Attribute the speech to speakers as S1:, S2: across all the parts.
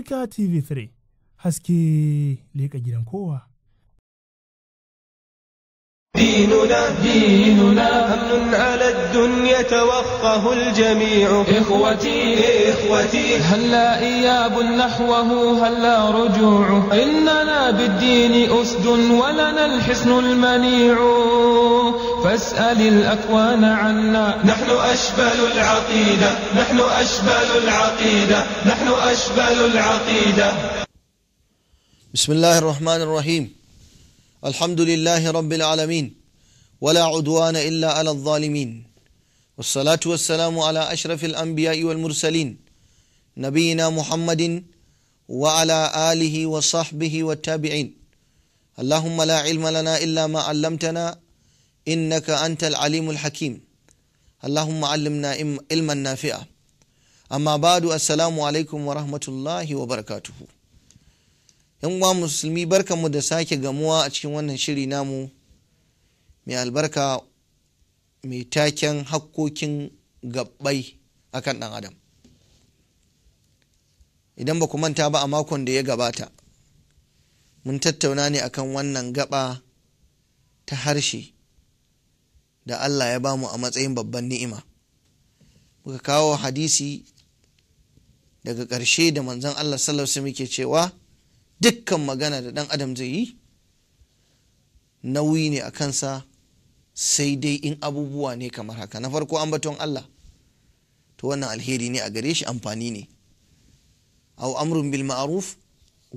S1: Africa TV3 haske leka gidan kowa. ديننا ديننا أمن على الدنيا توخه الجميع إخوتي إخوتي هلا إياب نحوه هلا رجوع إننا بالدين أسد ولنا الحسن المنيع فاسأل الأكوان عنا نحن أشبل العقيدة نحن أشبل العقيدة نحن أشبل العقيدة بسم الله الرحمن الرحيم الحمد لله رب العالمين ولا عدوان إلا على الظالمين والصلاة والسلام على أشرف الأنبياء والمرسلين نبينا محمد وعلى آله وصحبه والتابعين اللهم لا علم لنا إلا ما علمتنا إنك أنت العليم الحكيم اللهم علمنا علما نافعا أما بعد السلام عليكم ورحمة الله وبركاته yan uwa musulmi barkanmu da sake gamuwa a cikin wannan shiri namu mai albarka mai taken hakkokin gabbai kan ɗan adam idan ba ku manta ba a makon da ya gabata mun tattauna ne akan wannan gaba ta harshe da Allah ya bamu a matsayin babban ni'ima muka kawo hadisi daga ƙarshe da manzon Allah sallallahu alaihi cewa dukkan magana da ɗan adam zai yi nauyi ne a kansa sai dai in abubuwa ne kamar haka na farko an batun Allah to wannan alheri ne a gare shi amfani ne au amrun bil ma'ruf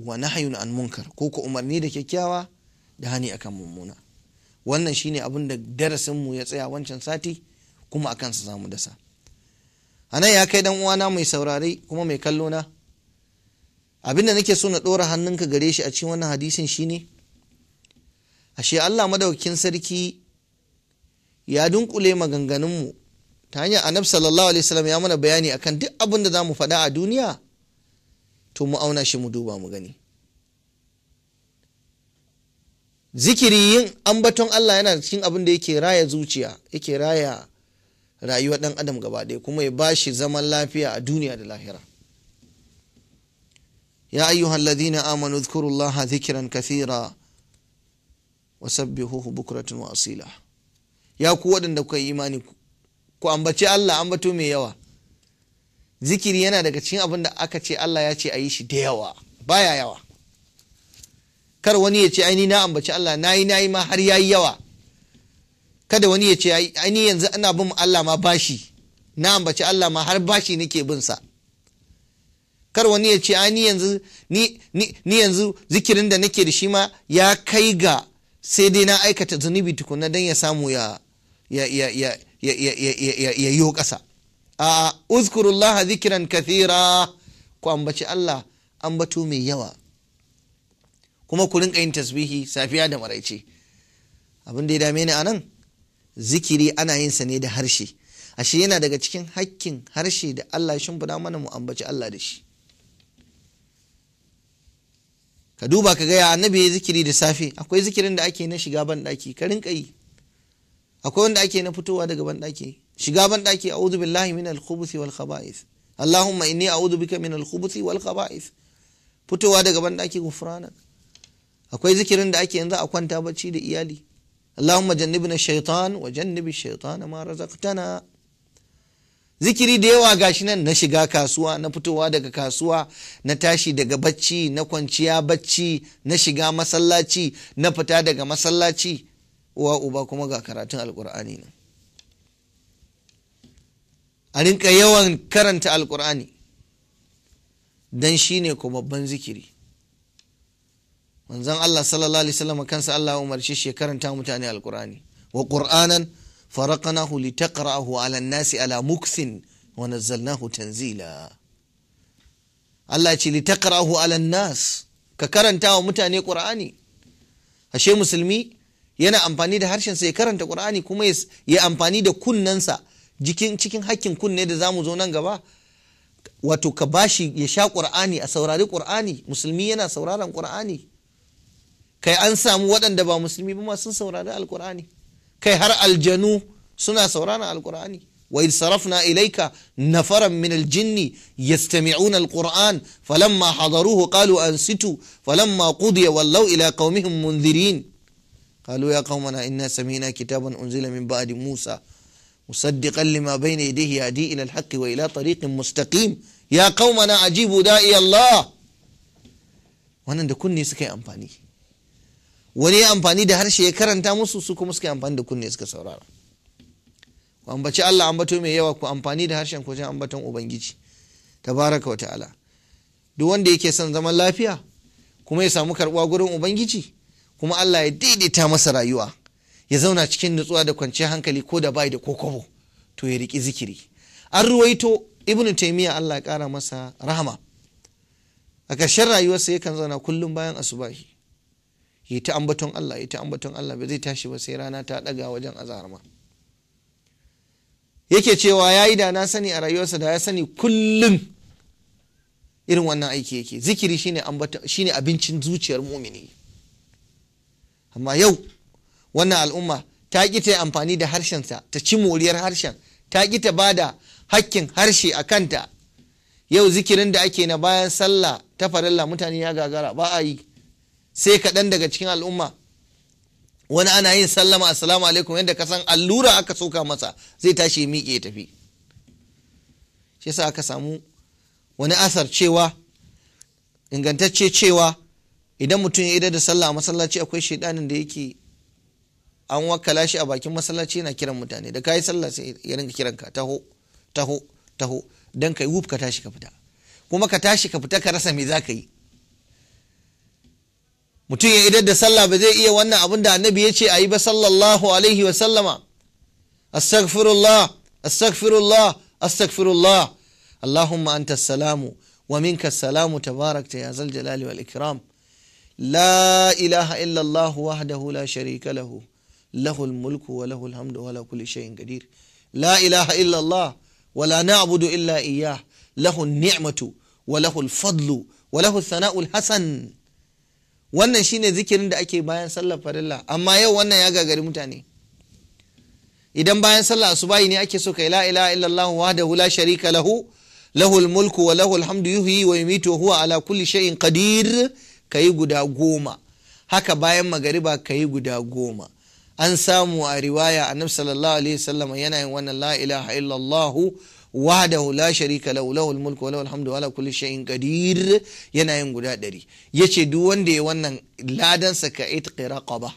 S1: wa nahyun an munkar ko ko umarni da kyakkyawa da hani akan mummuna wannan shine abin da darasin mu ya tsaya wancan sati kuma akan sa zamu dasa anan ya kai dan uwana mai saurare kuma mai kallo na abinda nake so na ɗora hannunka gare shi a cikin wannan hadisin shine ashe Allah madaukakin sarki ya dunkule maganganunmu ta hanyar annabi sallallahu alaihi wasallam ya mana bayani akan duk abin da mu faɗa a duniya to mu auna shi mu duba mu gani zikiri yin ambaton Allah yana cikin abin da yake raya zuciya yake raya rayuwar ɗan adam gaba ɗaya kuma ya bashi zaman lafiya a duniya da lahira يا أيها الذين آمنوا اذكروا الله ذكرا كثيرا وسبحوه بكرة وأصيلا يا قوة دكا إيماني ku ambaci Allah ambato mai yawa zikiri yana daga cikin abin da aka ce Allah ya ce a yi shi da yawa baya yawa kar wani ya ce aini na ambaci Allah nayi nayi ma har yayi yawa kada wani ya ce aini yanzu ana bin Allah ma bashi na ambaci Allah ma har bashi nake bin sa kar wani ya ce a ni yanzu ni yanzu zikirin da nake da shi ma ya kai ga sai dai na aikata zunubi tukuna dan ya samu ya ya ya ya ya yo ƙasa a uzkurullaha zikiran kathira ku ambaci Allah ambato mai yawa kuma ku rinka yin tasbihi safiya da maraice abin da ya dame ni anan zikiri ana yin sa ne da harshe ashe yana daga cikin hakkin harshe da Allah ya shimfida mana mu ambaci Allah da shi ka duba ka gaya annabi ya zikiri da safe akwai zikirin da ake na shiga ban daki ka rinka yi akwai wanda ake na fitowa daga ban shiga ban daki a'udhu billahi min al-khubuthi wal khaba'ith allahumma inni a'udhu bika min al-khubuthi wal khaba'ith fitowa daga ban daki gufrana akwai zikirin da ake yanzu a kwanta bacci da iyali allahumma jannibna shaytan wa jannibi shaytan ma razaqtana zikiri da yawa gashi nan na shiga kasuwa na fitowa daga kasuwa na tashi daga bacci na kwanciya bacci na shiga masallaci na fita daga masallaci uwa uba kuma ga karatun alkur'ani ne a rinka yawan karanta alkur'ani don shi ne kuma babban zikiri manzon allah sallallahu alaihi wasallam kansa allah umarci shi karanta mutane alkur'ani wa qur'anan فرقناه لتقرأه على الناس على مكث ونزلناه تنزيلا Allah ce li taqra'ahu 'ala nas ka karanta wa mutane Qur'ani ashe musulmi yana amfani da harshen sa ya karanta Qur'ani kuma ya amfani da kunnensa cikin hakkin kunne da mu zo nan gaba wato ka bashi ya sha Qur'ani a saurari Qur'ani musulmi yana sauraron Qur'ani kai an samu waɗanda ba musulmi ba ma sun saurari alkur'ani كي هر الجنو سنا سورانا القراني وإن صرفنا إليك نفرا من الجن يستمعون القرآن فلما حضروه قالوا أنستوا فلما قضي ولوا إلى قومهم منذرين قالوا يا قومنا إنا سمينا كتابا أنزل من بعد موسى مصدقا لما بين يديه يهدي إلى الحق وإلى طريق مستقيم يا قومنا أجيبوا داعي الله وأنا كني سكي أمباني wani ya amfani da harshe ya karanta musu su kuma suka amfani da kunne suka saurara ku ambaci Allah bato mai yawa ku amfani da harshen ku ambaton ubangiji tabaraka wa ta'ala duk wanda yake son zaman lafiya kuma ya samu karbuwa gurin ubangiji kuma Allah ya daidaita masa rayuwa ya zauna cikin nutsuwa da kwanciyar hankali ko da bai da kokobo to ya riki zikiri an ruwaito ibnu Taimiyya Allah ya kara masa rahama a ƙarshen rayuwarsa yakan zauna kullum bayan asubahi yi ta ambaton Allah yi ta ambaton Allah ba zai tashi ba sai rana ta daga wajen azarma yake cewa yayi da na sani a rayuwarsa da ya sani kullum irin wannan aiki yake zikiri shine shine abincin zuciyar mumini amma yau wannan al'umma ta ki ta amfani da harshensa ta ci moriyar harshen ta ki ta ba da hakkin harshe a kanta yau zikirin da ake na bayan sallah ta farilla mutane ya gagara ba a yi sai kaɗan daga cikin al'umma wani ana yin sallama assalamu alaikum yadda ka san allura aka soka masa zai tashi ya miƙe ya tafi shi yasa aka samu wani asar cewa ingantacce cewa idan mutum ya idar da sallah a masallaci akwai shaidanin da yake an wakala shi a bakin masallaci yana kiran mutane da kayi sallah sai ya rinka kiran ka taho taho taho dan kai wuf ka tashi ka fita kuma ka tashi ka fita ka rasa me za ka yi mutum ya idar da sallah ba zai iya wannan abin da annabi ya ce a yi ba sallallahu alaihi wa sallama astaghfirullah astaghfirullah astaghfirullah allahumma anta salamu wa minka salamu tabarakta ya zal jalali wal ikram la ilaha illa wahdahu la sharika lahu lahu mulku wa lahu alhamdu wa la kulli shay'in qadir la ilaha illa allah wa la na'budu illa iyyah lahu an-ni'matu wa lahu fadlu wa lahu ath wannan shine zikirin da ake bayan sallar farilla amma yau wannan ya gagari mutane idan bayan sallah bayi ne ake so kai la ilaha illallah wahdahu la sharika lahu lahul mulku wa lahul hamdu yuhyi wa yumitu wa huwa ala kulli shay'in qadir kayi guda goma haka bayan magariba kayi guda goma an samu a riwaya annabi sallallahu alaihi wasallam yana yin wannan la ilaha wahdahu la sharika lahu lahul mulku wa lahul hamdu wa ala kulli shay'in qadir yana yin guda ɗari yace duk wanda ya wannan ladan sa ka itqi raqaba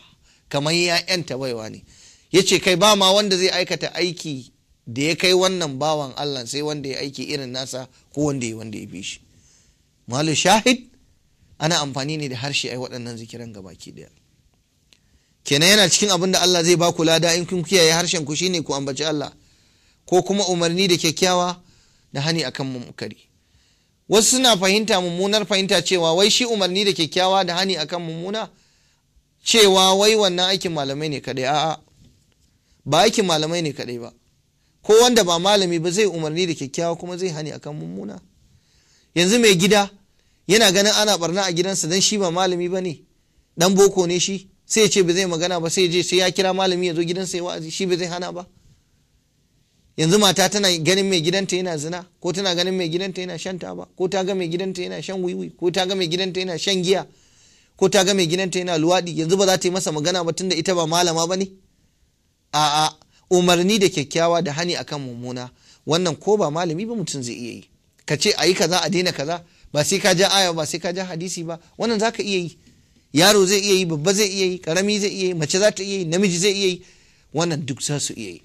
S1: kamar ya yanta baiwa ne yace kai ba ma wanda zai aikata aiki da ya kai wannan bawan Allah sai wanda ya aiki irin nasa ko wanda ya wanda ya bi shi malu shahid ana amfani ne da harshe ai waɗannan zikiran gabaki daya kenan yana cikin abin Allah zai ba ku lada in kun kiyaye harshen ku shine ku ambaci Allah ko kuma umarni da kyakkyawa da hani akan mummukari wasu suna fahimta mummunar fahimta cewa wai shi umarni da kyakkyawa da hani akan mummuna cewa wai wannan aikin malamai ne kadai a'a ba aikin malamai ne kadai ba ko wanda ba malami ba zai umarni da kyakkyawa kuma zai hani akan mummuna yanzu mai gida yana ganin ana barna a gidansa dan shi ba malami ba ne dan boko ne shi sai ya ce ba zai magana ba sai ya je sai ya kira malami ya zo gidansa ya wa'azi shi ba zai hana ba yanzu mata tana ganin mai gidanta yana zina ko tana ganin mai gidanta yana shan taba ko ta ga mai gidanta yana shan wiwi ko ta ga mai gidanta yana shan giya ko ta ga mai gidanta yana luwaɗi yanzu ba za ta yi masa magana ba tunda ita ba malama ba ne a'a umarni da kyakkyawa da hani akan mummuna wannan ko ba malami ba mutum zai iya yi ka ce a yi kaza a daina kaza ba sai ka ja aya ba sai ka ja hadisi ba wannan za ka iya yi yaro zai iya yi babba zai iya yi karami zai iya yi mace za ta iya yi namiji zai iya yi wannan duk za su iya yi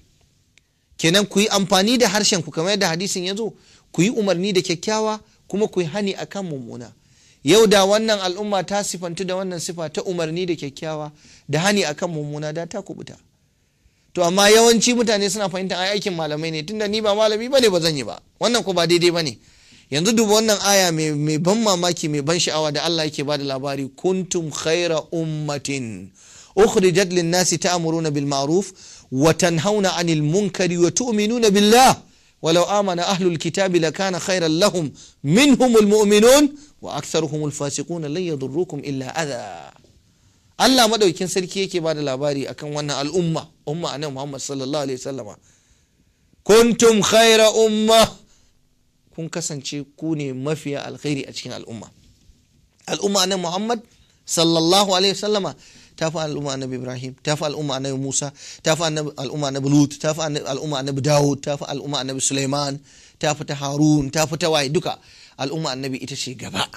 S1: kenan ku yi amfani da harshen ku kamar yadda hadisin ya zo ku yi umarni da kyakkyawa kuma ku yi hani kan mummuna yau da wannan al'umma ta sifantu da wannan sifa ta umarni da kyakkyawa da hani a kan mummuna da ta kubuta to amma yawanci mutane suna fahimta a aikin malamai ne tunda ni ba malami bane ba zan yi ba wannan ko ba daidai bane yanzu duba wannan aya mai ban mamaki mai ban sha'awa da Allah yake bada labari kuntum khaira ummatin ukhrijat lin-nasi ta'muruna bil ma'ruf وتنهون عن المنكر وتؤمنون بالله ولو آمن أهل الكتاب لكان خيرا لهم منهم المؤمنون وأكثرهم الفاسقون لن يضروكم إلا أذى الله مدعو كن سركي يكي بعد العباري أكن وانا الأمة أمة أنا محمد صلى الله عليه وسلم كنتم خير أمة كن كسن كوني مفيا الخير أجكين الأمة الأمة أنا محمد صلى الله عليه وسلم ta fi al'umma annabi ibrahim ta fi al'umma annabi musa ta fi al'umma annabi lut ta fi al'umma annabi dawud ta fi al'umma annabi suleiman ta fi ta harun ta fi ta waye duka al'umma annabi ita ce gaba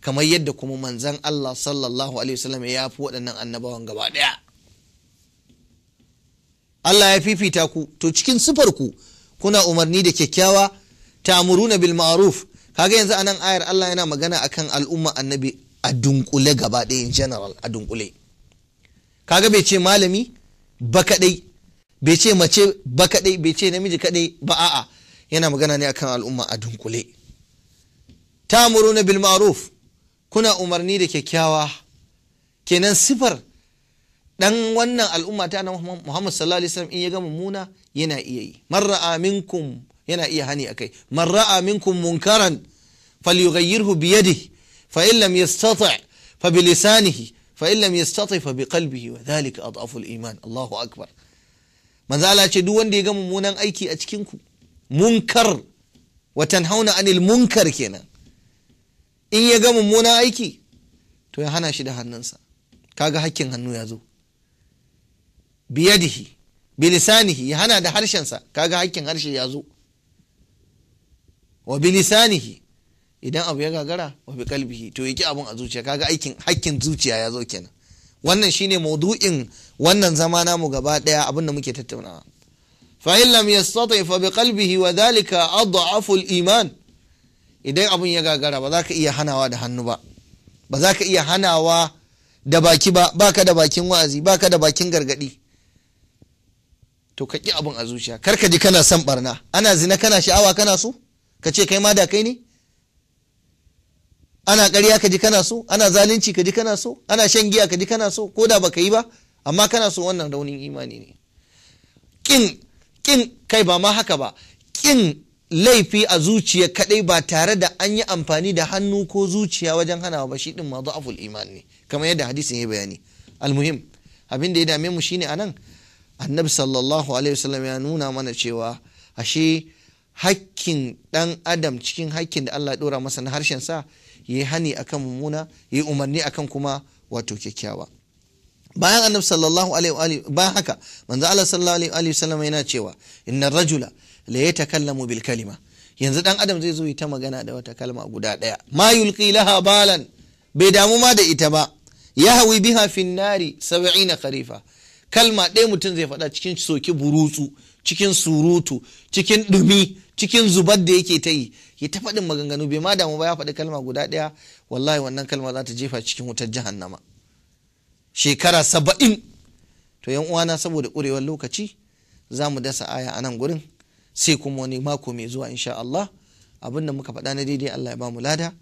S1: kamar yadda kuma manzan allah sallallahu alaihi wasallam ya fi waɗannan annabawan gaba ɗaya allah ya fifita ku to cikin sifar ku kuna umarni da kyakkyawa ta'muruna bil ma'ruf kaga yanzu anan ayar allah yana magana akan al'umma annabi a dunkule gaba ɗaya in general a dunkule kaga bai ce malami ba kadai bai ce mace ba kadai bai ce namiji kadai ba a'a yana magana ne akan al'umma a dunkule ta'muruna bil ma'ruf kuna umarni da kyakkyawa kenan sifar dan wannan al'umma ta annabi Muhammad sallallahu alaihi wasallam in ya ga mummuna yana iya yi man aminkum. yana iya hani akai man ra'a munkaran falyughayyirhu bi yadihi fa in lam fa bi lisanihi fa in lam yastati bi qalbihi wa dhalika adhafu al-iman Allahu akbar manzo Allah duk wanda ya ga mummunan aiki a cikin ku munkar Watan Hauna anil munkar kenan in ya ga mummunan aiki to ya hana shi da hannunsa kaga hakkin hannu ya zo biyadihi bilisanihi ya hana da harshensa kaga hakkin harshe ya zo wa bilisanihi idan abu ya gagara wa kalbihi to yake abun a zuciya kaga aikin hakkin zuciya ya zo kenan wannan shine maudu'in wannan zama namu gaba daya abin da muke tattaunawa fa in lam yastati fa bi qalbihi wa dhalika adhafu al-iman idan abun ya gagara ba za ka iya hanawa da hannu ba ba za ka iya hanawa da baki ba baka da bakin wa'azi baka da bakin gargadi to ka ki abun a zuciya kar ka ji kana son barna ana zina kana sha'awa kana so ka ce kai ma da kai ne ana ƙarya ka ji kana so ana zalunci ka ji kana so ana shan giya ka ji kana so ko da baka yi ba amma kana so wannan raunin imani ne kin kin kai ba ma haka ba kin laifi a zuciya kadai ba tare da an yi amfani da hannu ko zuciya wajen hanawa ba shi ɗin ma da'aful iman ne kamar yadda hadisin ya bayani almuhim abin da ya dame mu shine anan annabi sallallahu alaihi wasallam ya nuna mana cewa ashe hakkin ɗan adam cikin hakkin da Allah ya ɗora masa na harshensa ya yi hani akan mumuna ya yi umarni akan kuma wato kyakkyawa bayan annabi sallallahu alaihi wa haka manzo Allah sallallahu alaihi wa sallam yana cewa inna rajula la yatakallamu bil kalima yanzu dan adam zai zo yi magana da wata kalma guda daya ma yulqi laha balan bai damu ma da ita ba yahwi biha fin nari 70 kharifa kalma ɗaya mutum zai faɗa cikin soki burutsu cikin surutu cikin ɗumi cikin zubar da yake ta yi ya ta faɗin maganganu bai ma damu ba ya faɗi kalma guda ɗaya wallahi wannan kalma za ta jefa cikin wutar jahannama shekara saba'in to yan uwana saboda ƙurewar lokaci za mu dasa aya a nan gurin sai kuma wani mako mai zuwa insha Allah abin da muka faɗa na daidai Allah ya ba mu lada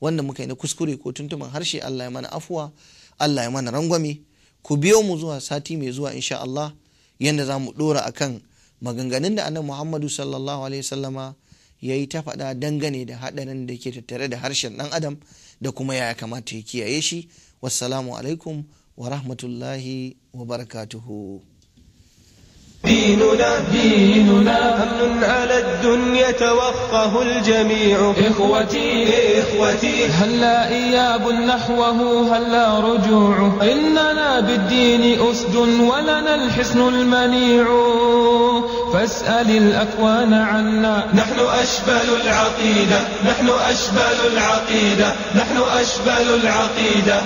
S1: wanda muka yi na kuskure ko tuntuman harshe Allah ya mana afuwa Allah ya mana rangwame ku biyo mu zuwa sati mai zuwa insha Allah yanda za mu ɗora akan maganganun da annabi muhammadu sallallahu alaihi sallama ya yi ta faɗa dangane da haɗarin da ke tattare da harshen ɗan adam da kuma ya kamata ya kiyaye shi wassalamu alaikum wa rahmatullahi wa barakatuhu ديننا ديننا أمن على الدنيا يتوقه الجميع إخوتي إخوتي هلا هل إياب نحوه هلا هل رجوع إننا بالدين أسد ولنا الحسن المنيع فاسأل الأكوان عنا نحن أشبل العقيدة نحن أشبل العقيدة نحن أشبل العقيدة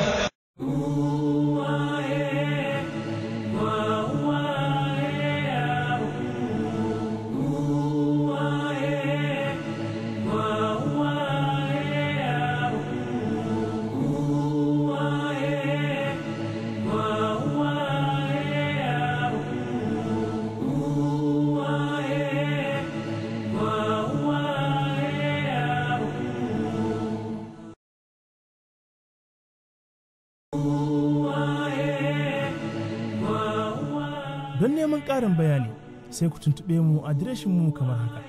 S1: don neman ƙarin bayani sai ku tuntuɓe mu adireshin mu kamar haka.